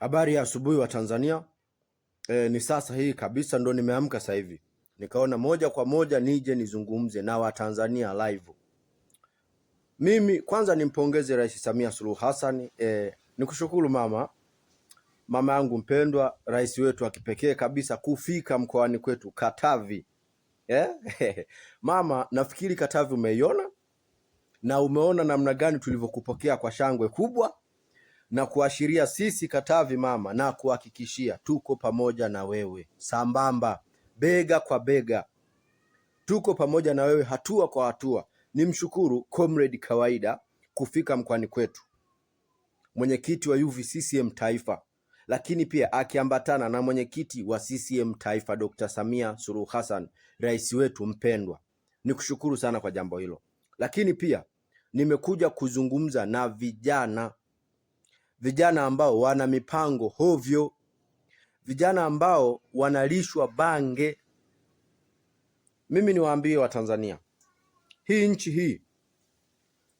Habari ya asubuhi wa Tanzania. E, ni sasa hii kabisa ndo nimeamka sasa hivi, nikaona moja kwa moja nije nizungumze na Watanzania live. Mimi kwanza nimpongeze Rais Samia Suluhu Hassan. E, nikushukuru mama, mama yangu mpendwa, rais wetu wa kipekee kabisa kufika mkoani kwetu Katavi. Eh? Mama, nafikiri Katavi umeiona na umeona namna gani tulivyokupokea kwa shangwe kubwa na kuashiria sisi Katavi mama, na kuhakikishia tuko pamoja na wewe, sambamba, bega kwa bega, tuko pamoja na wewe, hatua kwa hatua. Nimshukuru comrade Kawaida kufika mkoani kwetu, mwenyekiti wa UVCCM Taifa, lakini pia akiambatana na mwenyekiti wa CCM Taifa Dr. Samia Suluhu Hassan, rais wetu mpendwa. Nikushukuru sana kwa jambo hilo, lakini pia nimekuja kuzungumza na vijana vijana ambao wana mipango hovyo, vijana ambao wanalishwa bange. Mimi niwaambie Watanzania, hii nchi hii,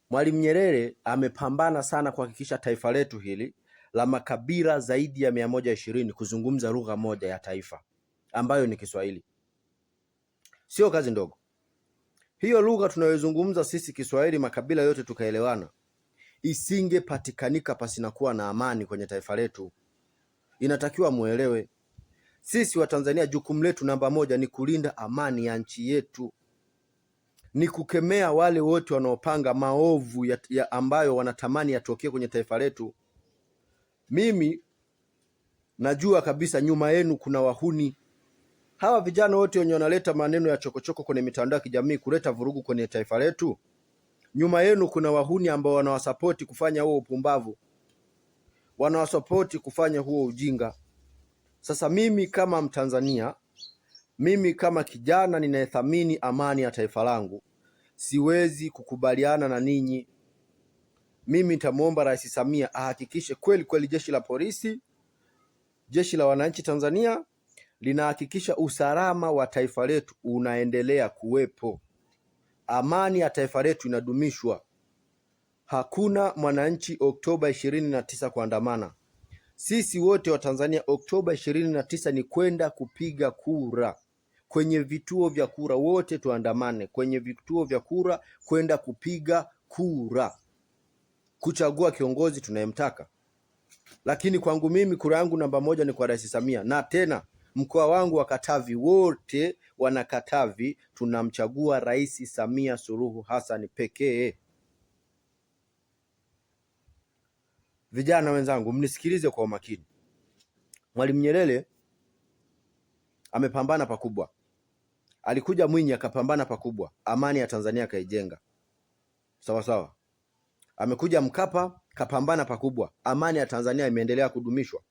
Mwalimu Nyerere amepambana sana kuhakikisha taifa letu hili la makabila zaidi ya mia moja ishirini kuzungumza lugha moja ya taifa ambayo ni Kiswahili. Sio kazi ndogo hiyo. Lugha tunayozungumza sisi Kiswahili, makabila yote tukaelewana, isingepatikanika pasina kuwa na amani kwenye taifa letu. Inatakiwa muelewe, sisi Watanzania jukumu letu namba moja ni kulinda amani ya nchi yetu, ni kukemea wale wote wanaopanga maovu ya, ya ambayo wanatamani yatokee kwenye taifa letu. Mimi najua kabisa nyuma yenu kuna wahuni. Hawa vijana wote wenye wanaleta maneno ya chokochoko kwenye mitandao ya kijamii kuleta vurugu kwenye taifa letu Nyuma yenu kuna wahuni ambao wanawasapoti kufanya huo upumbavu, wanawasapoti kufanya huo ujinga. Sasa mimi kama Mtanzania, mimi kama kijana ninayethamini amani ya taifa langu, siwezi kukubaliana na ninyi. Mimi nitamwomba Rais Samia ahakikishe kweli kweli jeshi la polisi, jeshi la wananchi Tanzania linahakikisha usalama wa taifa letu unaendelea kuwepo amani ya taifa letu inadumishwa. Hakuna mwananchi Oktoba ishirini na tisa kuandamana. Sisi wote wa Tanzania, Oktoba ishirini na tisa ni kwenda kupiga kura kwenye vituo vya kura, wote tuandamane kwenye vituo vya kura kwenda kupiga kura kuchagua kiongozi tunayemtaka. Lakini kwangu mimi kura yangu namba moja ni kwa Rais Samia, na tena Mkoa wangu wa Katavi wote wana Katavi tunamchagua Rais Samia Suluhu Hassan pekee. Vijana wenzangu, mnisikilize kwa umakini. Mwalimu Nyerere amepambana pakubwa, alikuja Mwinyi akapambana pakubwa, amani ya Tanzania akaijenga. Sawa sawa, amekuja Mkapa kapambana pakubwa, amani ya Tanzania imeendelea kudumishwa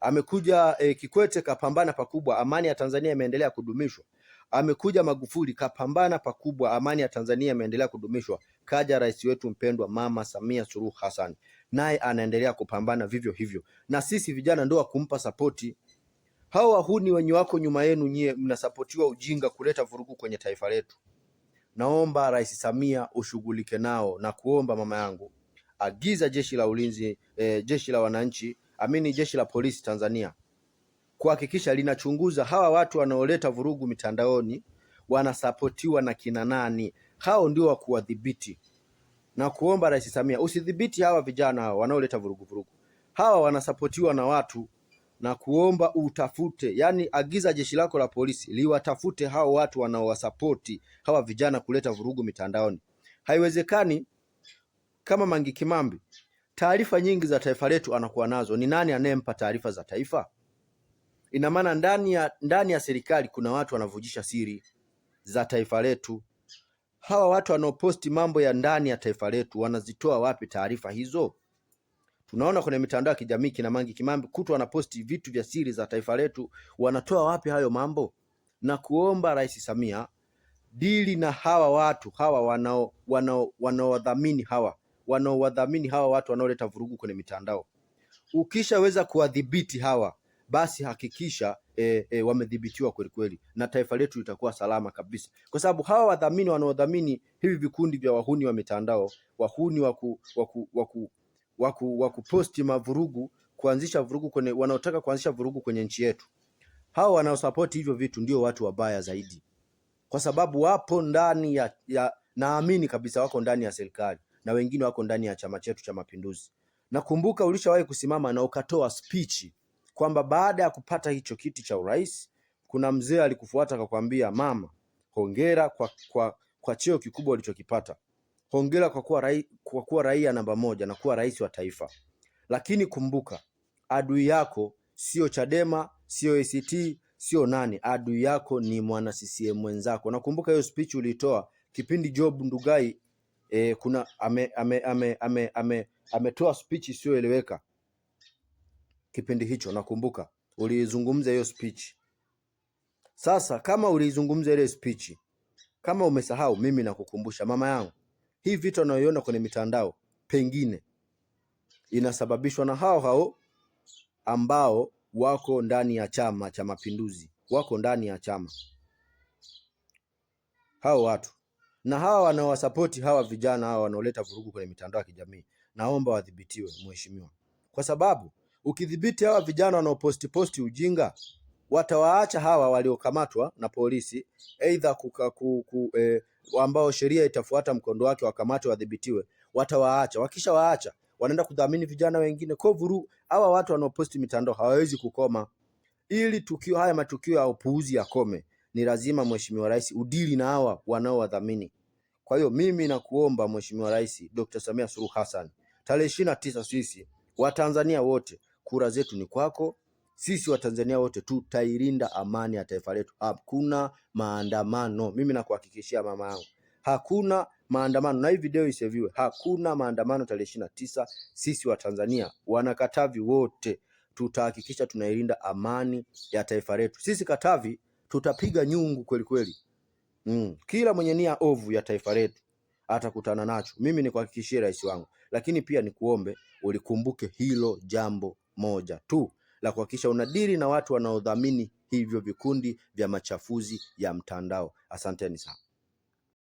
amekuja e, Kikwete kapambana pakubwa, amani ya Tanzania imeendelea kudumishwa. Amekuja Magufuli kapambana pakubwa, amani ya Tanzania imeendelea kudumishwa. Kaja rais wetu mpendwa Mama Samia Suluhu Hassan, naye anaendelea kupambana vivyo hivyo, na sisi vijana ndio kumpa sapoti. Hawa wahuni wenye wako nyuma yenu, nyie mnasapotiwa ujinga kuleta vurugu kwenye taifa letu. Naomba Rais Samia ushughulike nao na kuomba mama yangu, agiza jeshi la ulinzi, e, jeshi la wananchi amini jeshi la polisi Tanzania kuhakikisha linachunguza hawa watu wanaoleta vurugu mitandaoni wanasapotiwa na kina nani. Hao ndio wa kuwadhibiti na kuomba Rais Samia usidhibiti hawa vijana hawa wanaoleta vurugu vurugu. Hawa wanasapotiwa na watu na kuomba utafute, yani agiza jeshi lako la polisi liwatafute hao watu wanaowasapoti hawa vijana kuleta vurugu mitandaoni. Haiwezekani kama Mangi Kimambi taarifa nyingi za taifa letu anakuwa nazo. Ni nani anayempa taarifa za taifa? Ina maana ndani ya ndani ya serikali kuna watu wanavujisha siri za taifa letu. Hawa watu wanaoposti mambo ya ndani ya taifa letu wanazitoa wapi taarifa hizo? Tunaona kwenye mitandao ya kijamii kina Mangi Kimambi kutu wanaposti vitu vya siri za taifa letu, wanatoa wapi hayo mambo? Na kuomba Rais Samia dili na hawa watu hawa wanaowadhamini wanao, wanao hawa wanaowadhamini hawa watu wanaoleta vurugu kwenye mitandao. Ukishaweza kuwadhibiti hawa, basi hakikisha e, e, wamedhibitiwa kweli kweli, na taifa letu litakuwa salama kabisa, kwa sababu hawa wadhamini wanaodhamini hivi vikundi vya wahuni wa mitandao, wahuni waku, waku, waku, waku, waku posti mavurugu, kuanzisha vurugu kwenye, wanaotaka kuanzisha vurugu kwenye nchi yetu, hawa wanaosapoti hivyo vitu ndio watu wabaya zaidi, kwa sababu wapo ndani ya, ya naamini kabisa wako ndani ya serikali na wengine wako ndani ya chama chetu cha Mapinduzi. Nakumbuka ulishawahi kusimama na ukatoa speech kwamba baada ya kupata hicho kiti cha urais kuna mzee alikufuata akakwambia, mama, hongera kwa, kwa, kwa cheo kikubwa ulichokipata, hongera kwa kuwa, rai, kwa kuwa raia namba moja na kuwa rais wa taifa. Lakini kumbuka adui yako sio Chadema, sio ACT, sio nani. Adui yako ni mwana CCM mwenzako. Nakumbuka hiyo speech ulitoa kipindi Job Ndugai eh, kuna ametoa ame, ame, ame, ame, ame speech isiyoeleweka kipindi hicho, nakumbuka uliizungumza hiyo speech. Sasa kama uliizungumza ile speech, kama umesahau, mimi nakukumbusha mama yangu, hii vitu anayoiona kwenye mitandao pengine inasababishwa na hao hao ambao wako ndani ya Chama cha Mapinduzi, wako ndani ya chama hao watu na hawa wanaowasapoti hawa vijana hawa wanaoleta vurugu kwenye mitandao ya kijamii, naomba wadhibitiwe, mheshimiwa, kwa sababu ukidhibiti hawa vijana wanaoposti posti ujinga, watawaacha hawa waliokamatwa na polisi, aidha eh, ambao sheria itafuata mkondo wake, wakamatwe wadhibitiwe, watawaacha. Wakishawaacha wanaenda kudhamini vijana wengine kwa Hawa watu wanaoposti mitandao hawawezi kukoma. Ili tukio haya matukio ya upuuzi yakome, ni lazima Mheshimiwa Rais udili na hawa wanaowadhamini. Kwa hiyo mimi nakuomba Mheshimiwa Rais Dr. Samia Suluhu Hassan, tarehe ishirini na tisa sisi Watanzania wote kura zetu ni kwako. Sisi Watanzania wote tutailinda amani ya taifa letu. Hakuna maandamano, mimi nakuhakikishia mama yangu, hakuna maandamano na hii video isiviwe, Hakuna maandamano tarehe ishirini na tisa. Sisi Watanzania wanakatavi wote tutahakikisha tunailinda amani ya taifa letu. Sisi Katavi tutapiga nyungu kweli kweli. Mm. Kila mwenye nia ovu ya taifa letu atakutana nacho. Mimi nikuhakikishie rais wangu, lakini pia ni kuombe ulikumbuke hilo jambo moja tu la kuhakikisha unadili na watu wanaodhamini hivyo vikundi vya machafuzi ya mtandao. Asanteni sana.